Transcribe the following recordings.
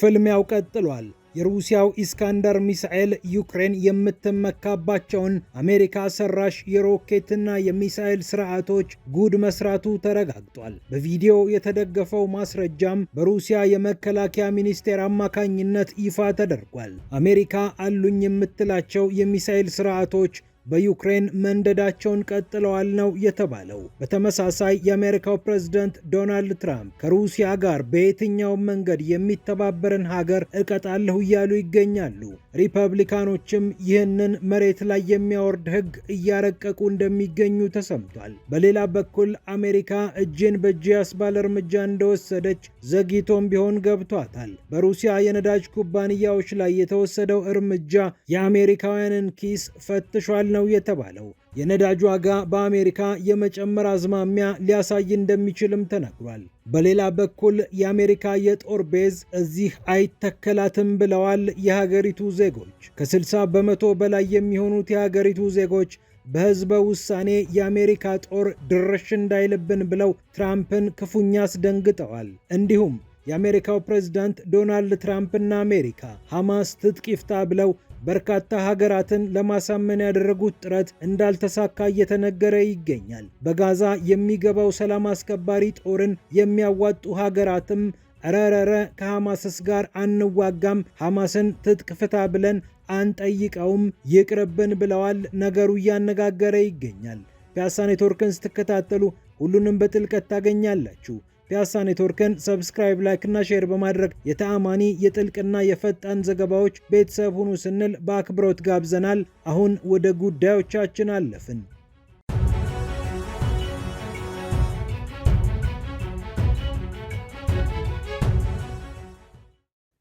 ፍልሚያው ቀጥሏል። የሩሲያው ኢስካንደር ሚሳኤል ዩክሬን የምትመካባቸውን አሜሪካ ሰራሽ የሮኬትና የሚሳኤል ስርዓቶች ጉድ መስራቱ ተረጋግጧል። በቪዲዮ የተደገፈው ማስረጃም በሩሲያ የመከላከያ ሚኒስቴር አማካኝነት ይፋ ተደርጓል። አሜሪካ አሉኝ የምትላቸው የሚሳኤል ስርዓቶች በዩክሬን መንደዳቸውን ቀጥለዋል ነው የተባለው። በተመሳሳይ የአሜሪካው ፕሬዝደንት ዶናልድ ትራምፕ ከሩሲያ ጋር በየትኛውም መንገድ የሚተባበርን ሀገር እቀጣለሁ እያሉ ይገኛሉ። ሪፐብሊካኖችም ይህንን መሬት ላይ የሚያወርድ ሕግ እያረቀቁ እንደሚገኙ ተሰምቷል። በሌላ በኩል አሜሪካ እጅን በእጅ ያስባለ እርምጃ እንደወሰደች ዘግይቶም ቢሆን ገብቷታል። በሩሲያ የነዳጅ ኩባንያዎች ላይ የተወሰደው እርምጃ የአሜሪካውያንን ኪስ ፈትሿል ነው ነው የተባለው። የነዳጅ ዋጋ በአሜሪካ የመጨመር አዝማሚያ ሊያሳይ እንደሚችልም ተነግሯል። በሌላ በኩል የአሜሪካ የጦር ቤዝ እዚህ አይተከላትም ብለዋል የሀገሪቱ ዜጎች። ከ60 በመቶ በላይ የሚሆኑት የሀገሪቱ ዜጎች በህዝበ ውሳኔ የአሜሪካ ጦር ድርሽ እንዳይልብን ብለው ትራምፕን ክፉኛ አስደንግጠዋል። እንዲሁም የአሜሪካው ፕሬዝዳንት ዶናልድ ትራምፕና አሜሪካ ሐማስ ትጥቅ ይፍታ ብለው በርካታ ሀገራትን ለማሳመን ያደረጉት ጥረት እንዳልተሳካ እየተነገረ ይገኛል። በጋዛ የሚገባው ሰላም አስከባሪ ጦርን የሚያዋጡ ሀገራትም ረረረ ከሐማስስ ጋር አንዋጋም፣ ሐማስን ትጥቅ ፍታ ብለን አንጠይቀውም፣ ይቅርብን ብለዋል። ነገሩ እያነጋገረ ይገኛል። ፒያሳ ኔትወርክን ስትከታተሉ ሁሉንም በጥልቀት ታገኛላችሁ። ፒያሳ ኔትወርክን ሰብስክራይብ፣ ላይክ እና ሼር በማድረግ የተአማኒ የጥልቅና የፈጣን ዘገባዎች ቤተሰብ ሁኑ ስንል በአክብሮት ጋብዘናል። አሁን ወደ ጉዳዮቻችን አለፍን።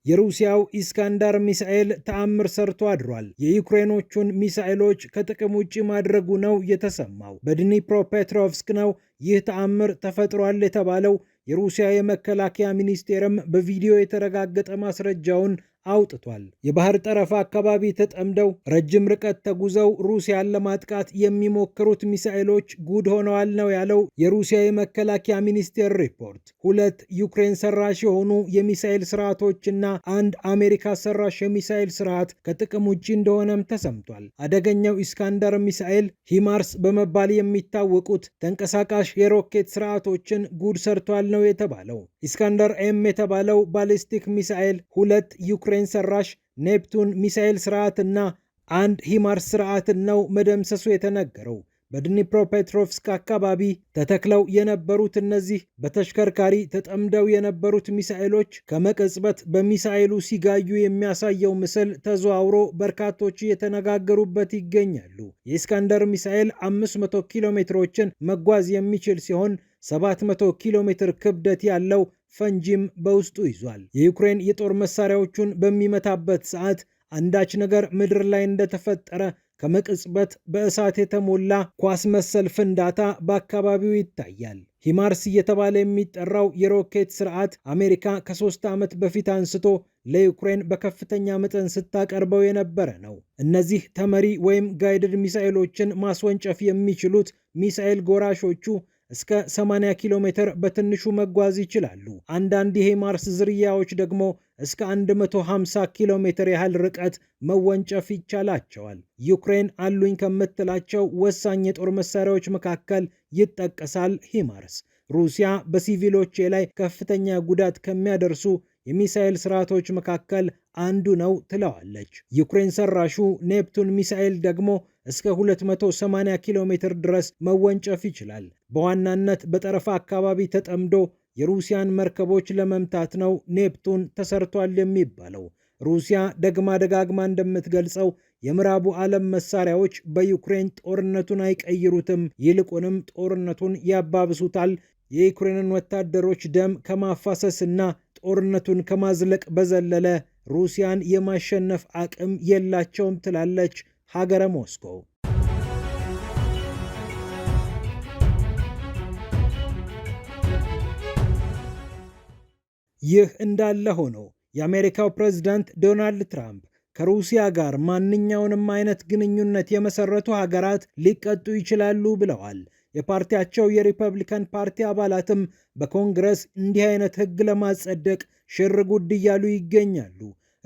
የሩሲያው ኢስካንዳር ሚሳኤል ተአምር ሰርቶ አድሯል። የዩክሬኖቹን ሚሳኤሎች ከጥቅም ውጭ ማድረጉ ነው የተሰማው። በድኒፕሮፔትሮቭስክ ነው ይህ ተአምር ተፈጥሯል የተባለው የሩሲያ የመከላከያ ሚኒስቴርም በቪዲዮ የተረጋገጠ ማስረጃውን አውጥቷል። የባህር ጠረፍ አካባቢ ተጠምደው ረጅም ርቀት ተጉዘው ሩሲያን ለማጥቃት የሚሞክሩት ሚሳኤሎች ጉድ ሆነዋል ነው ያለው የሩሲያ የመከላከያ ሚኒስቴር ሪፖርት። ሁለት ዩክሬን ሰራሽ የሆኑ የሚሳኤል ና አንድ አሜሪካ ሰራሽ የሚሳኤል ስርዓት ከጥቅም ውጭ እንደሆነም ተሰምቷል። አደገኛው ኢስካንደር ሚሳኤል ሂማርስ በመባል የሚታወቁት ተንቀሳቃሽ የሮኬት ስርዓቶችን ጉድ ሰርቷል ነው የተባለው። ኢስካንደር ኤም የተባለው ባሊስቲክ ሚሳኤል ሁለት ዩክሬን ዩክሬን ሰራሽ ኔፕቱን ሚሳኤል ስርዓትና አንድ ሂማር ስርዓትን ነው መደምሰሱ የተነገረው። በድኒፕሮፔትሮቭስክ አካባቢ ተተክለው የነበሩት እነዚህ በተሽከርካሪ ተጠምደው የነበሩት ሚሳኤሎች ከመቀጽበት በሚሳኤሉ ሲጋዩ የሚያሳየው ምስል ተዘዋውሮ በርካቶች እየተነጋገሩበት ይገኛሉ። የኢስካንደር ሚሳኤል 500 ኪሎ ሜትሮችን መጓዝ የሚችል ሲሆን 700 ኪሎ ሜትር ክብደት ያለው ፈንጂም በውስጡ ይዟል። የዩክሬን የጦር መሳሪያዎቹን በሚመታበት ሰዓት አንዳች ነገር ምድር ላይ እንደተፈጠረ ከመቅጽበት በእሳት የተሞላ ኳስ መሰል ፍንዳታ በአካባቢው ይታያል። ሂማርስ እየተባለ የሚጠራው የሮኬት ስርዓት አሜሪካ ከሶስት ዓመት በፊት አንስቶ ለዩክሬን በከፍተኛ መጠን ስታቀርበው የነበረ ነው። እነዚህ ተመሪ ወይም ጋይድድ ሚሳኤሎችን ማስወንጨፍ የሚችሉት ሚሳኤል ጎራሾቹ እስከ 80 ኪሎ ሜትር በትንሹ መጓዝ ይችላሉ። አንዳንድ የሄማርስ ዝርያዎች ደግሞ እስከ 150 ኪሎ ሜትር ያህል ርቀት መወንጨፍ ይቻላቸዋል። ዩክሬን አሉኝ ከምትላቸው ወሳኝ የጦር መሳሪያዎች መካከል ይጠቀሳል ሂማርስ። ሩሲያ በሲቪሎች ላይ ከፍተኛ ጉዳት ከሚያደርሱ የሚሳኤል ስርዓቶች መካከል አንዱ ነው ትለዋለች። ዩክሬን ሰራሹ ኔፕቱን ሚሳኤል ደግሞ እስከ 280 ኪሎ ሜትር ድረስ መወንጨፍ ይችላል። በዋናነት በጠረፋ አካባቢ ተጠምዶ የሩሲያን መርከቦች ለመምታት ነው ኔፕቱን ተሰርቷል የሚባለው። ሩሲያ ደግማ ደጋግማ እንደምትገልጸው የምዕራቡ ዓለም መሳሪያዎች በዩክሬን ጦርነቱን አይቀይሩትም፣ ይልቁንም ጦርነቱን ያባብሱታል። የዩክሬንን ወታደሮች ደም ከማፋሰስ እና ጦርነቱን ከማዝለቅ በዘለለ ሩሲያን የማሸነፍ አቅም የላቸውም ትላለች ሀገረ ሞስኮው። ይህ እንዳለ ሆኖ የአሜሪካው ፕሬዝዳንት ዶናልድ ትራምፕ ከሩሲያ ጋር ማንኛውንም አይነት ግንኙነት የመሰረቱ ሀገራት ሊቀጡ ይችላሉ ብለዋል። የፓርቲያቸው የሪፐብሊካን ፓርቲ አባላትም በኮንግረስ እንዲህ አይነት ሕግ ለማጸደቅ ሽር ጉድ እያሉ ይገኛሉ።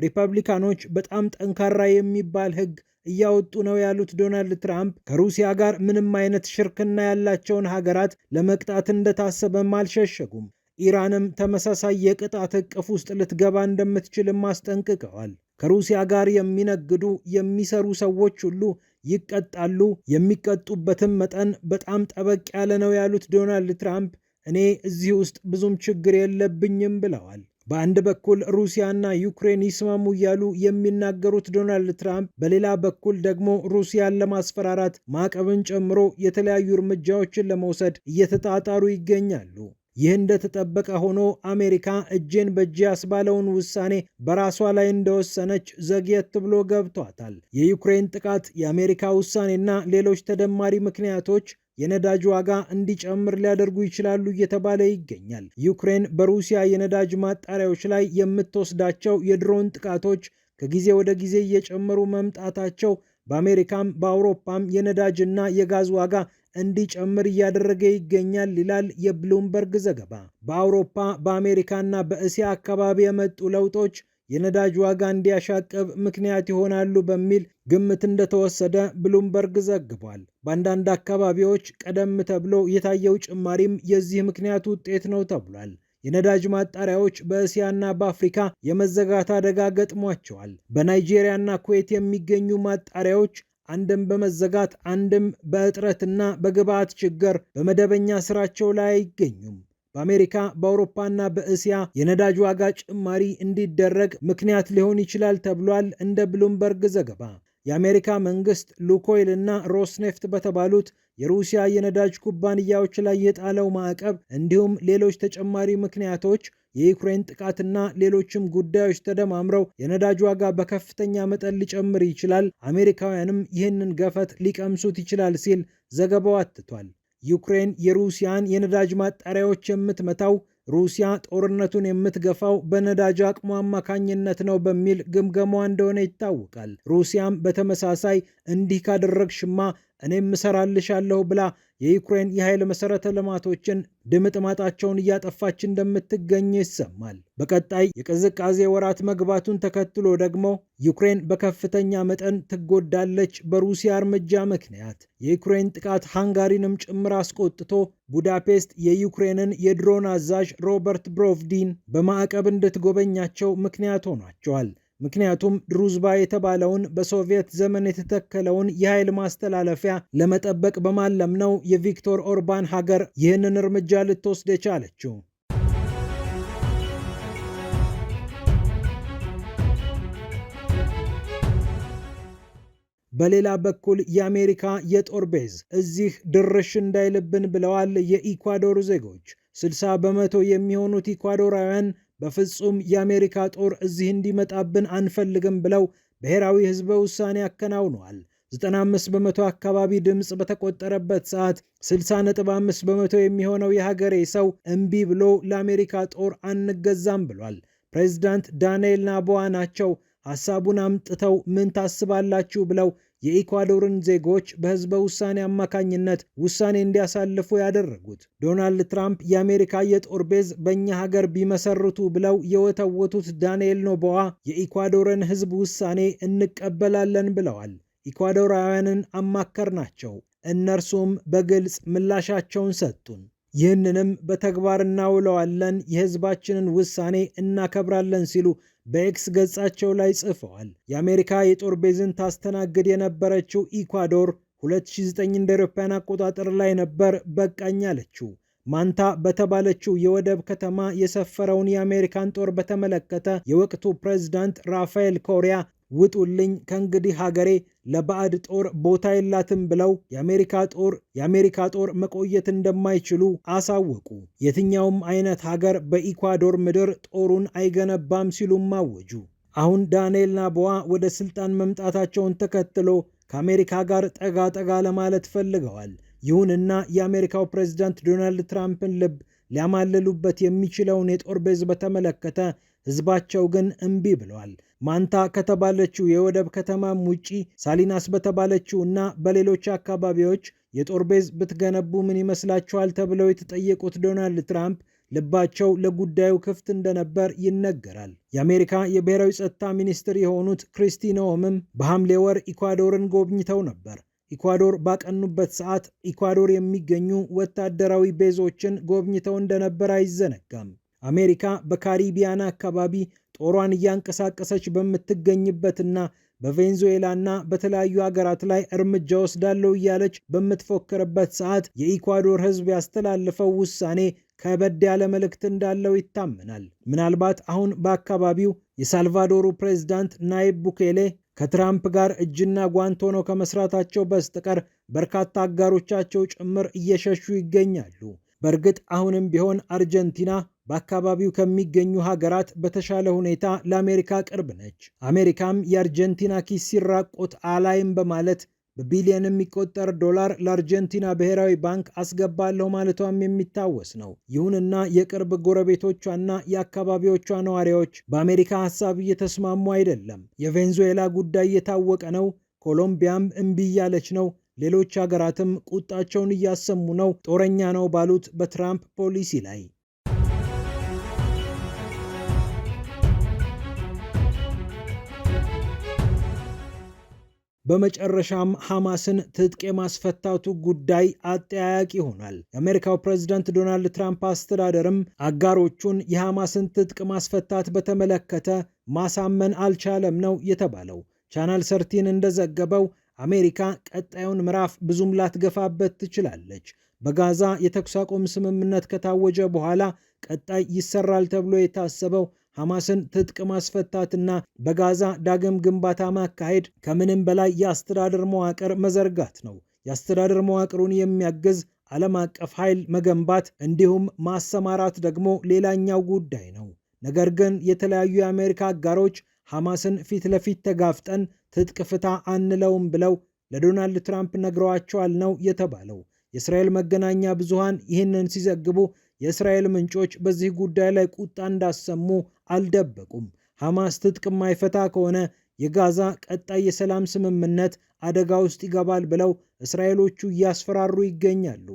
ሪፐብሊካኖች በጣም ጠንካራ የሚባል ሕግ እያወጡ ነው ያሉት ዶናልድ ትራምፕ ከሩሲያ ጋር ምንም አይነት ሽርክና ያላቸውን ሀገራት ለመቅጣት እንደታሰበም አልሸሸጉም። ኢራንም ተመሳሳይ የቅጣት እቅፍ ውስጥ ልትገባ እንደምትችልም አስጠንቅቀዋል። ከሩሲያ ጋር የሚነግዱ የሚሰሩ ሰዎች ሁሉ ይቀጣሉ፣ የሚቀጡበትም መጠን በጣም ጠበቅ ያለ ነው ያሉት ዶናልድ ትራምፕ እኔ እዚህ ውስጥ ብዙም ችግር የለብኝም ብለዋል። በአንድ በኩል ሩሲያና ዩክሬን ይስማሙ እያሉ የሚናገሩት ዶናልድ ትራምፕ በሌላ በኩል ደግሞ ሩሲያን ለማስፈራራት ማዕቀብን ጨምሮ የተለያዩ እርምጃዎችን ለመውሰድ እየተጣጣሩ ይገኛሉ። ይህ እንደተጠበቀ ሆኖ አሜሪካ እጄን በእጄ ያስባለውን ውሳኔ በራሷ ላይ እንደወሰነች ዘግየት ብሎ ገብቷታል። የዩክሬን ጥቃት፣ የአሜሪካ ውሳኔና ሌሎች ተደማሪ ምክንያቶች የነዳጅ ዋጋ እንዲጨምር ሊያደርጉ ይችላሉ እየተባለ ይገኛል። ዩክሬን በሩሲያ የነዳጅ ማጣሪያዎች ላይ የምትወስዳቸው የድሮን ጥቃቶች ከጊዜ ወደ ጊዜ እየጨመሩ መምጣታቸው በአሜሪካም በአውሮፓም የነዳጅና የጋዝ ዋጋ እንዲጨምር እያደረገ ይገኛል ይላል የብሉምበርግ ዘገባ። በአውሮፓ በአሜሪካና በእስያ አካባቢ የመጡ ለውጦች የነዳጅ ዋጋ እንዲያሻቅብ ምክንያት ይሆናሉ በሚል ግምት እንደተወሰደ ብሉምበርግ ዘግቧል። በአንዳንድ አካባቢዎች ቀደም ተብሎ የታየው ጭማሪም የዚህ ምክንያት ውጤት ነው ተብሏል። የነዳጅ ማጣሪያዎች በእስያና በአፍሪካ የመዘጋት አደጋ ገጥሟቸዋል። በናይጄሪያና ኩዌት የሚገኙ ማጣሪያዎች አንድም በመዘጋት አንድም በእጥረትና በግብዓት ችግር በመደበኛ ስራቸው ላይ አይገኙም። በአሜሪካ በአውሮፓና በእስያ የነዳጅ ዋጋ ጭማሪ እንዲደረግ ምክንያት ሊሆን ይችላል ተብሏል። እንደ ብሉምበርግ ዘገባ የአሜሪካ መንግስት ሉኮይል እና ሮስኔፍት በተባሉት የሩሲያ የነዳጅ ኩባንያዎች ላይ የጣለው ማዕቀብ እንዲሁም ሌሎች ተጨማሪ ምክንያቶች የዩክሬን ጥቃትና ሌሎችም ጉዳዮች ተደማምረው የነዳጅ ዋጋ በከፍተኛ መጠን ሊጨምር ይችላል፣ አሜሪካውያንም ይህንን ገፈት ሊቀምሱት ይችላል ሲል ዘገባው አትቷል። ዩክሬን የሩሲያን የነዳጅ ማጣሪያዎች የምትመታው ሩሲያ ጦርነቱን የምትገፋው በነዳጅ አቅሙ አማካኝነት ነው በሚል ግምገማዋ እንደሆነ ይታወቃል። ሩሲያም በተመሳሳይ እንዲህ ካደረግሽማ እኔም እሰራልሻለሁ ብላ የዩክሬን የኃይል መሠረተ ልማቶችን ድምጥማጣቸውን እያጠፋች እንደምትገኝ ይሰማል። በቀጣይ የቅዝቃዜ ወራት መግባቱን ተከትሎ ደግሞ ዩክሬን በከፍተኛ መጠን ትጎዳለች። በሩሲያ እርምጃ ምክንያት የዩክሬን ጥቃት ሃንጋሪንም ጭምር አስቆጥቶ ቡዳፔስት የዩክሬንን የድሮን አዛዥ ሮበርት ብሮቭዲን በማዕቀብ እንድትጎበኛቸው ምክንያት ሆኗቸዋል። ምክንያቱም ድሩዝባ የተባለውን በሶቪየት ዘመን የተተከለውን የኃይል ማስተላለፊያ ለመጠበቅ በማለም ነው የቪክቶር ኦርባን ሀገር ይህንን እርምጃ ልትወስድ የቻለችው። በሌላ በኩል የአሜሪካ የጦር ቤዝ እዚህ ድርሽ እንዳይልብን ብለዋል የኢኳዶር ዜጎች። 60 በመቶ የሚሆኑት ኢኳዶራውያን በፍጹም የአሜሪካ ጦር እዚህ እንዲመጣብን አንፈልግም ብለው ብሔራዊ ህዝበ ውሳኔ አከናውነዋል። 95 በመቶ አካባቢ ድምፅ በተቆጠረበት ሰዓት 60.5 በመቶ የሚሆነው የሀገሬ ሰው እምቢ ብሎ ለአሜሪካ ጦር አንገዛም ብሏል። ፕሬዚዳንት ዳንኤል ናቦዋ ናቸው ሐሳቡን አምጥተው ምን ታስባላችሁ ብለው የኢኳዶርን ዜጎች በህዝበ ውሳኔ አማካኝነት ውሳኔ እንዲያሳልፉ ያደረጉት። ዶናልድ ትራምፕ የአሜሪካ የጦር ቤዝ በእኛ ሀገር ቢመሰርቱ ብለው የወተወቱት ዳንኤል ኖቦዋ የኢኳዶርን ህዝብ ውሳኔ እንቀበላለን ብለዋል። ኢኳዶራውያንን አማከር ናቸው። እነርሱም በግልጽ ምላሻቸውን ሰጡን። ይህንንም በተግባር እናውለዋለን፣ የህዝባችንን ውሳኔ እናከብራለን ሲሉ በኤክስ ገጻቸው ላይ ጽፈዋል። የአሜሪካ የጦር ቤዝን ታስተናግድ የነበረችው ኢኳዶር 2009 እንደ አውሮፓውያን አቆጣጠር ላይ ነበር በቃኝ አለችው። ማንታ በተባለችው የወደብ ከተማ የሰፈረውን የአሜሪካን ጦር በተመለከተ የወቅቱ ፕሬዝዳንት ራፋኤል ኮሪያ ውጡልኝ ከእንግዲህ ሀገሬ ለባዕድ ጦር ቦታ የላትም ብለው የአሜሪካ ጦር የአሜሪካ ጦር መቆየት እንደማይችሉ አሳወቁ። የትኛውም አይነት ሀገር በኢኳዶር ምድር ጦሩን አይገነባም ሲሉም አወጁ። አሁን ዳንኤል ናቦዋ ወደ ስልጣን መምጣታቸውን ተከትሎ ከአሜሪካ ጋር ጠጋ ጠጋ ለማለት ፈልገዋል። ይሁንና የአሜሪካው ፕሬዝዳንት ዶናልድ ትራምፕን ልብ ሊያማልሉበት የሚችለውን የጦር ቤዝ በተመለከተ ህዝባቸው ግን እምቢ ብለዋል። ማንታ ከተባለችው የወደብ ከተማም ውጪ ሳሊናስ በተባለችው እና በሌሎች አካባቢዎች የጦር ቤዝ ብትገነቡ ምን ይመስላችኋል ተብለው የተጠየቁት ዶናልድ ትራምፕ ልባቸው ለጉዳዩ ክፍት እንደነበር ይነገራል። የአሜሪካ የብሔራዊ ጸጥታ ሚኒስትር የሆኑት ክሪስቲ ኖምም በሐምሌ ወር ኢኳዶርን ጎብኝተው ነበር። ኢኳዶር ባቀኑበት ሰዓት ኢኳዶር የሚገኙ ወታደራዊ ቤዞችን ጎብኝተው እንደነበር አይዘነጋም። አሜሪካ በካሪቢያን አካባቢ ጦሯን እያንቀሳቀሰች በምትገኝበትና በቬንዙዌላና በተለያዩ አገራት ላይ እርምጃ ወስዳለው እያለች በምትፎክርበት ሰዓት የኢኳዶር ሕዝብ ያስተላለፈው ውሳኔ ከበድ ያለ መልእክት እንዳለው ይታመናል። ምናልባት አሁን በአካባቢው የሳልቫዶሩ ፕሬዝዳንት ናይብ ቡኬሌ ከትራምፕ ጋር እጅና ጓንት ሆነው ከመስራታቸው በስተቀር በርካታ አጋሮቻቸው ጭምር እየሸሹ ይገኛሉ። በእርግጥ አሁንም ቢሆን አርጀንቲና በአካባቢው ከሚገኙ ሀገራት በተሻለ ሁኔታ ለአሜሪካ ቅርብ ነች። አሜሪካም የአርጀንቲና ኪስ ሲራቆት አላይም በማለት በቢሊየን የሚቆጠር ዶላር ለአርጀንቲና ብሔራዊ ባንክ አስገባለሁ ማለቷም የሚታወስ ነው። ይሁንና የቅርብ ጎረቤቶቿና የአካባቢዎቿ ነዋሪዎች በአሜሪካ ሀሳብ እየተስማሙ አይደለም። የቬንዙዌላ ጉዳይ እየታወቀ ነው። ኮሎምቢያም እምቢ እያለች ነው። ሌሎች ሀገራትም ቁጣቸውን እያሰሙ ነው ጦረኛ ነው ባሉት በትራምፕ ፖሊሲ ላይ በመጨረሻም ሐማስን ትጥቅ የማስፈታቱ ጉዳይ አጠያያቂ ይሆናል። የአሜሪካው ፕሬዚደንት ዶናልድ ትራምፕ አስተዳደርም አጋሮቹን የሐማስን ትጥቅ ማስፈታት በተመለከተ ማሳመን አልቻለም ነው የተባለው። ቻናል ሰርቲን እንደዘገበው አሜሪካ ቀጣዩን ምዕራፍ ብዙም ላትገፋበት ትችላለች። በጋዛ የተኩስ አቁም ስምምነት ከታወጀ በኋላ ቀጣይ ይሰራል ተብሎ የታሰበው ሐማስን ትጥቅ ማስፈታትና በጋዛ ዳግም ግንባታ ማካሄድ ከምንም በላይ የአስተዳደር መዋቅር መዘርጋት ነው። የአስተዳደር መዋቅሩን የሚያግዝ ዓለም አቀፍ ኃይል መገንባት እንዲሁም ማሰማራት ደግሞ ሌላኛው ጉዳይ ነው። ነገር ግን የተለያዩ የአሜሪካ አጋሮች ሐማስን ፊት ለፊት ተጋፍጠን ትጥቅ ፍታ አንለውም ብለው ለዶናልድ ትራምፕ ነግረዋቸዋል ነው የተባለው። የእስራኤል መገናኛ ብዙሃን ይህንን ሲዘግቡ የእስራኤል ምንጮች በዚህ ጉዳይ ላይ ቁጣ እንዳሰሙ አልደበቁም። ሐማስ ትጥቅ የማይፈታ ከሆነ የጋዛ ቀጣይ የሰላም ስምምነት አደጋ ውስጥ ይገባል ብለው እስራኤሎቹ እያስፈራሩ ይገኛሉ።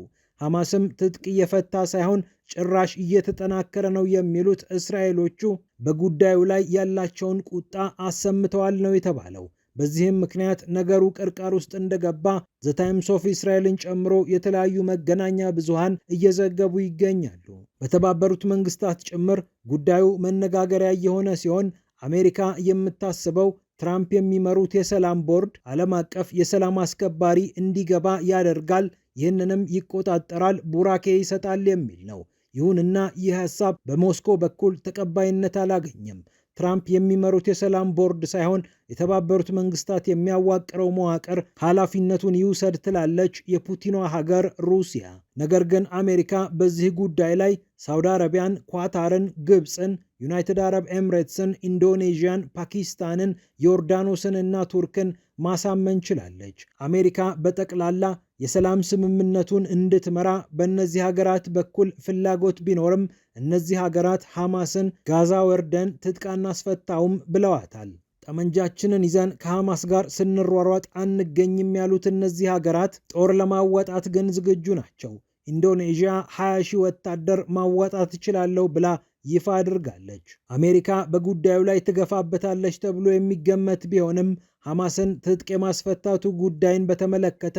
ሐማስም ትጥቅ እየፈታ ሳይሆን ጭራሽ እየተጠናከረ ነው የሚሉት እስራኤሎቹ በጉዳዩ ላይ ያላቸውን ቁጣ አሰምተዋል ነው የተባለው። በዚህም ምክንያት ነገሩ ቅርቃር ውስጥ እንደገባ ዘታይምስ ኦፍ እስራኤልን ጨምሮ የተለያዩ መገናኛ ብዙሃን እየዘገቡ ይገኛሉ። በተባበሩት መንግስታት ጭምር ጉዳዩ መነጋገሪያ እየሆነ ሲሆን አሜሪካ የምታስበው ትራምፕ የሚመሩት የሰላም ቦርድ ዓለም አቀፍ የሰላም አስከባሪ እንዲገባ ያደርጋል፣ ይህንንም ይቆጣጠራል፣ ቡራኬ ይሰጣል የሚል ነው። ይሁንና ይህ ሀሳብ በሞስኮ በኩል ተቀባይነት አላገኘም። ትራምፕ የሚመሩት የሰላም ቦርድ ሳይሆን የተባበሩት መንግስታት የሚያዋቅረው መዋቅር ኃላፊነቱን ይውሰድ ትላለች የፑቲኗ ሀገር ሩሲያ። ነገር ግን አሜሪካ በዚህ ጉዳይ ላይ ሳውዲ አረቢያን፣ ኳታርን፣ ግብፅን፣ ዩናይትድ አረብ ኤምሬትስን፣ ኢንዶኔዥያን፣ ፓኪስታንን፣ ዮርዳኖስን እና ቱርክን ማሳመን ችላለች። አሜሪካ በጠቅላላ የሰላም ስምምነቱን እንድትመራ በእነዚህ ሀገራት በኩል ፍላጎት ቢኖርም እነዚህ ሀገራት ሐማስን ጋዛ ወርደን ትጥቅ አናስፈታውም ብለዋታል። ጠመንጃችንን ይዘን ከሐማስ ጋር ስንሯሯጥ አንገኝም ያሉት እነዚህ ሀገራት ጦር ለማዋጣት ግን ዝግጁ ናቸው። ኢንዶኔዥያ 20 ሺህ ወታደር ማዋጣት እችላለሁ ብላ ይፋ አድርጋለች። አሜሪካ በጉዳዩ ላይ ትገፋበታለች ተብሎ የሚገመት ቢሆንም ሐማስን ትጥቅ የማስፈታቱ ጉዳይን በተመለከተ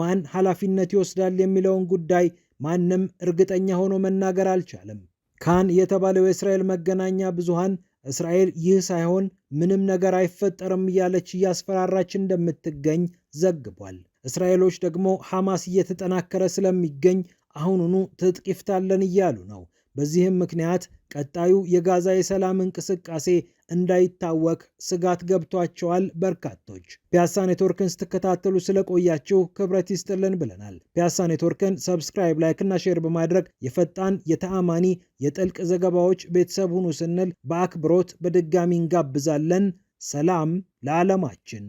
ማን ኃላፊነት ይወስዳል የሚለውን ጉዳይ ማንም እርግጠኛ ሆኖ መናገር አልቻለም። ካን የተባለው የእስራኤል መገናኛ ብዙሃን እስራኤል ይህ ሳይሆን ምንም ነገር አይፈጠርም እያለች እያስፈራራች እንደምትገኝ ዘግቧል። እስራኤሎች ደግሞ ሐማስ እየተጠናከረ ስለሚገኝ አሁኑኑ ትጥቅ ይፍታለን እያሉ ነው። በዚህም ምክንያት ቀጣዩ የጋዛ የሰላም እንቅስቃሴ እንዳይታወክ ስጋት ገብቷቸዋል በርካቶች። ፒያሳ ኔትወርክን ስትከታተሉ ስለቆያችሁ ክብረት ይስጥልን ብለናል። ፒያሳ ኔትወርክን ሰብስክራይብ፣ ላይክና ሼር በማድረግ የፈጣን የተአማኒ የጥልቅ ዘገባዎች ቤተሰብ ሁኑ ስንል በአክብሮት በድጋሚ እንጋብዛለን። ሰላም ለዓለማችን።